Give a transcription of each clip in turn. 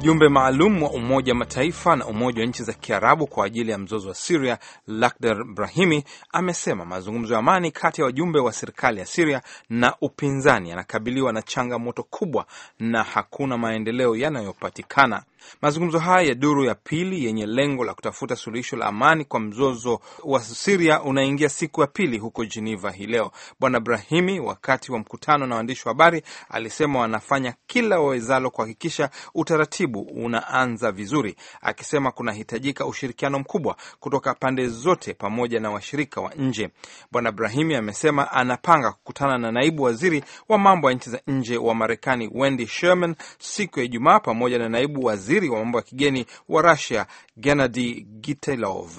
Mjumbe maalum wa Umoja Mataifa na Umoja wa Nchi za Kiarabu kwa ajili ya mzozo wa Siria, Lakhdar Brahimi, amesema mazungumzo ya amani kati ya wajumbe wa serikali ya Siria na upinzani yanakabiliwa na changamoto kubwa na hakuna maendeleo yanayopatikana. Mazungumzo haya ya duru ya pili yenye lengo la kutafuta suluhisho la amani kwa mzozo wa Siria unaingia siku ya pili huko Geneva hii leo. Bwana Brahimi, wakati wa mkutano na waandishi wa habari, alisema wanafanya kila wawezalo kuhakikisha utaratibu unaanza vizuri, akisema kunahitajika ushirikiano mkubwa kutoka pande zote pamoja na washirika wa nje. Bwana Brahimi amesema anapanga kukutana na naibu waziri wa mambo ya nchi za nje wa Marekani Wendy Sherman siku ya Ijumaa pamoja na naibu waziri waziri wa mambo ya kigeni wa Rusia Gennady Gitelov.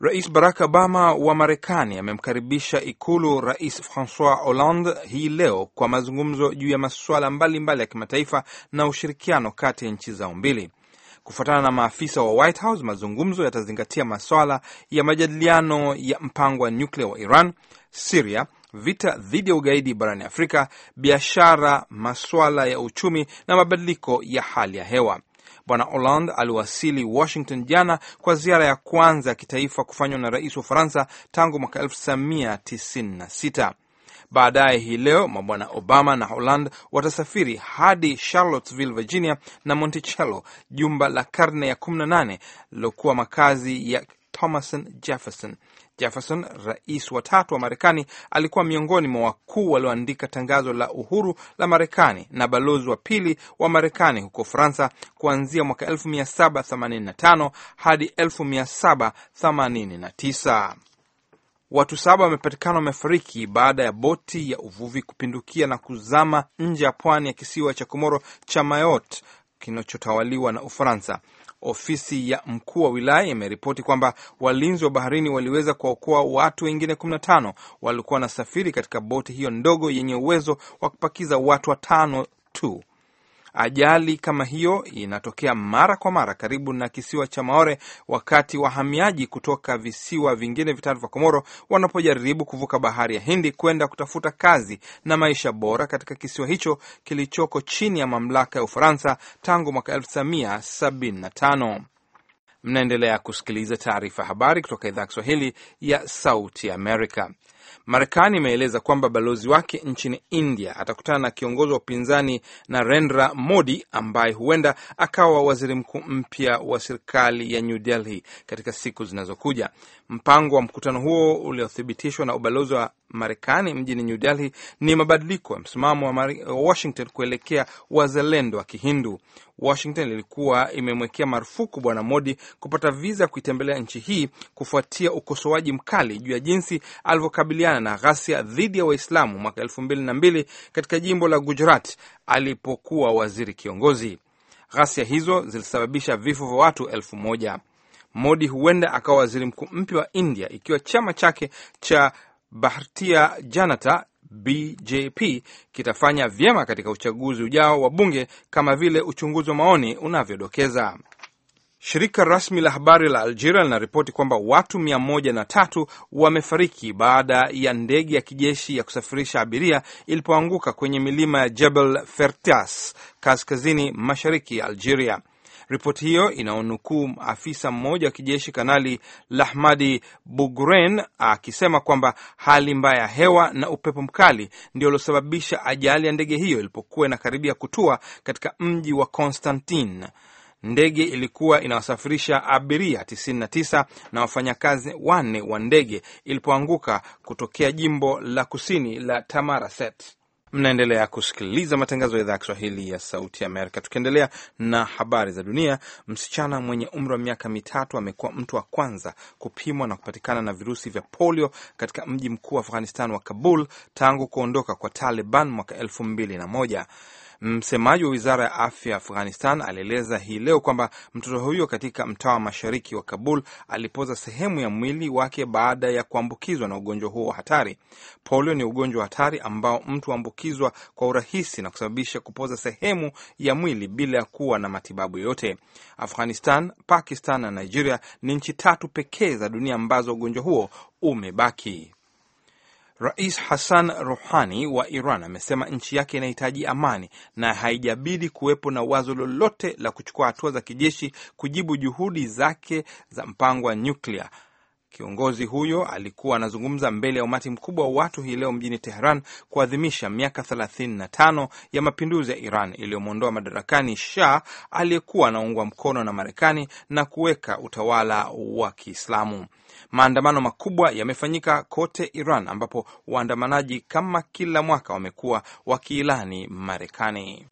Rais Barack Obama wa Marekani amemkaribisha ikulu Rais Francois Hollande hii leo kwa mazungumzo juu ya masuala mbalimbali ya kimataifa na ushirikiano kati ya nchi zao mbili. Kufuatana na maafisa wa White House, mazungumzo yatazingatia maswala ya majadiliano ya mpango wa nyuklia wa Iran, Siria, vita dhidi ya ugaidi barani Afrika, biashara, maswala ya uchumi na mabadiliko ya hali ya hewa. Bwana Hollande aliwasili Washington jana kwa ziara ya kwanza ya kitaifa kufanywa na rais wa Ufaransa tangu mwaka 1996. Baadaye hii leo mabwana Obama na Holland watasafiri hadi Charlottesville, Virginia na Monticello, jumba la karne ya 18 lilokuwa makazi ya Thomas Jefferson. Jefferson, rais wa tatu wa Marekani, alikuwa miongoni mwa wakuu walioandika tangazo la uhuru la Marekani na balozi wa pili wa Marekani huko ufransa kuanzia mwaka 1785 hadi 1789. Watu saba wamepatikana wamefariki baada ya boti ya uvuvi kupindukia na kuzama nje ya pwani ya kisiwa cha Komoro cha Mayotte kinachotawaliwa na Ufaransa. Ofisi ya mkuu wa wilaya imeripoti kwamba walinzi wa baharini waliweza kuwaokoa watu wengine 15 walikuwa wanasafiri katika boti hiyo ndogo yenye uwezo wa kupakiza watu watano tu. Ajali kama hiyo inatokea mara kwa mara karibu na kisiwa cha Maore, wakati wahamiaji kutoka visiwa vingine vitatu vya Komoro wanapojaribu kuvuka bahari ya Hindi kwenda kutafuta kazi na maisha bora katika kisiwa hicho kilichoko chini ya mamlaka ya Ufaransa tangu mwaka 1975. Mnaendelea kusikiliza taarifa habari kutoka idhaa ya Kiswahili ya Sauti Amerika. Marekani imeeleza kwamba balozi wake nchini India atakutana na kiongozi wa upinzani Narendra Modi ambaye huenda akawa waziri mkuu mpya wa serikali ya New Delhi katika siku zinazokuja. Mpango wa mkutano huo uliothibitishwa na ubalozi wa Marekani mjini New Delhi ni mabadiliko ya msimamo wa Washington kuelekea wazalendo wa Kihindu. Washington ilikuwa imemwekea marufuku Bwana Modi kupata viza kuitembelea nchi hii kufuatia ukosoaji mkali juu ya jinsi alivyokabilia kukabiliana na ghasia dhidi ya Waislamu mwaka elfu mbili na mbili katika jimbo la Gujarat alipokuwa waziri kiongozi. Ghasia hizo zilisababisha vifo vya watu elfu moja. Modi huenda akawa waziri mkuu mpya wa India ikiwa chama chake cha Bharatiya Janata BJP kitafanya vyema katika uchaguzi ujao wa bunge kama vile uchunguzi wa maoni unavyodokeza. Shirika rasmi la habari la Algeria linaripoti kwamba watu mia moja na tatu wamefariki baada ya ndege ya kijeshi ya kusafirisha abiria ilipoanguka kwenye milima ya Jebel Fertas kaskazini mashariki ya Algeria. Ripoti hiyo inaonukuu afisa mmoja wa kijeshi Kanali Lahmadi Bugren akisema kwamba hali mbaya ya hewa na upepo mkali ndio uliosababisha ajali ya ndege hiyo ilipokuwa inakaribia kutua katika mji wa Constantine ndege ilikuwa inawasafirisha abiria 99 na wafanyakazi wanne wa ndege ilipoanguka kutokea jimbo la kusini la Tamaraset. Mnaendelea kusikiliza matangazo ya idhaa ya Kiswahili ya Sauti ya Amerika. Tukiendelea na habari za dunia, msichana mwenye umri wa miaka mitatu amekuwa mtu wa kwanza kupimwa na kupatikana na virusi vya polio katika mji mkuu wa Afghanistan wa Kabul tangu kuondoka kwa Taliban mwaka elfu mbili na moja. Msemaji wa wizara ya afya ya Afghanistan alieleza hii leo kwamba mtoto huyo katika mtaa wa mashariki wa Kabul alipoza sehemu ya mwili wake baada ya kuambukizwa na ugonjwa huo wa hatari. Polio ni ugonjwa wa hatari ambao mtu huambukizwa kwa urahisi na kusababisha kupoza sehemu ya mwili bila ya kuwa na matibabu yoyote. Afghanistan, Pakistan na Nigeria ni nchi tatu pekee za dunia ambazo ugonjwa huo umebaki. Rais Hassan Rouhani wa Iran amesema nchi yake inahitaji amani na haijabidi kuwepo na wazo lolote la kuchukua hatua za kijeshi kujibu juhudi zake za mpango wa nyuklia Kiongozi huyo alikuwa anazungumza mbele ya umati mkubwa wa watu hii leo mjini Tehran kuadhimisha miaka 35 ya mapinduzi ya Iran iliyomwondoa madarakani Shah aliyekuwa anaungwa mkono na Marekani na kuweka utawala wa Kiislamu. Maandamano makubwa yamefanyika kote Iran ambapo waandamanaji kama kila mwaka wamekuwa wakiilani Marekani.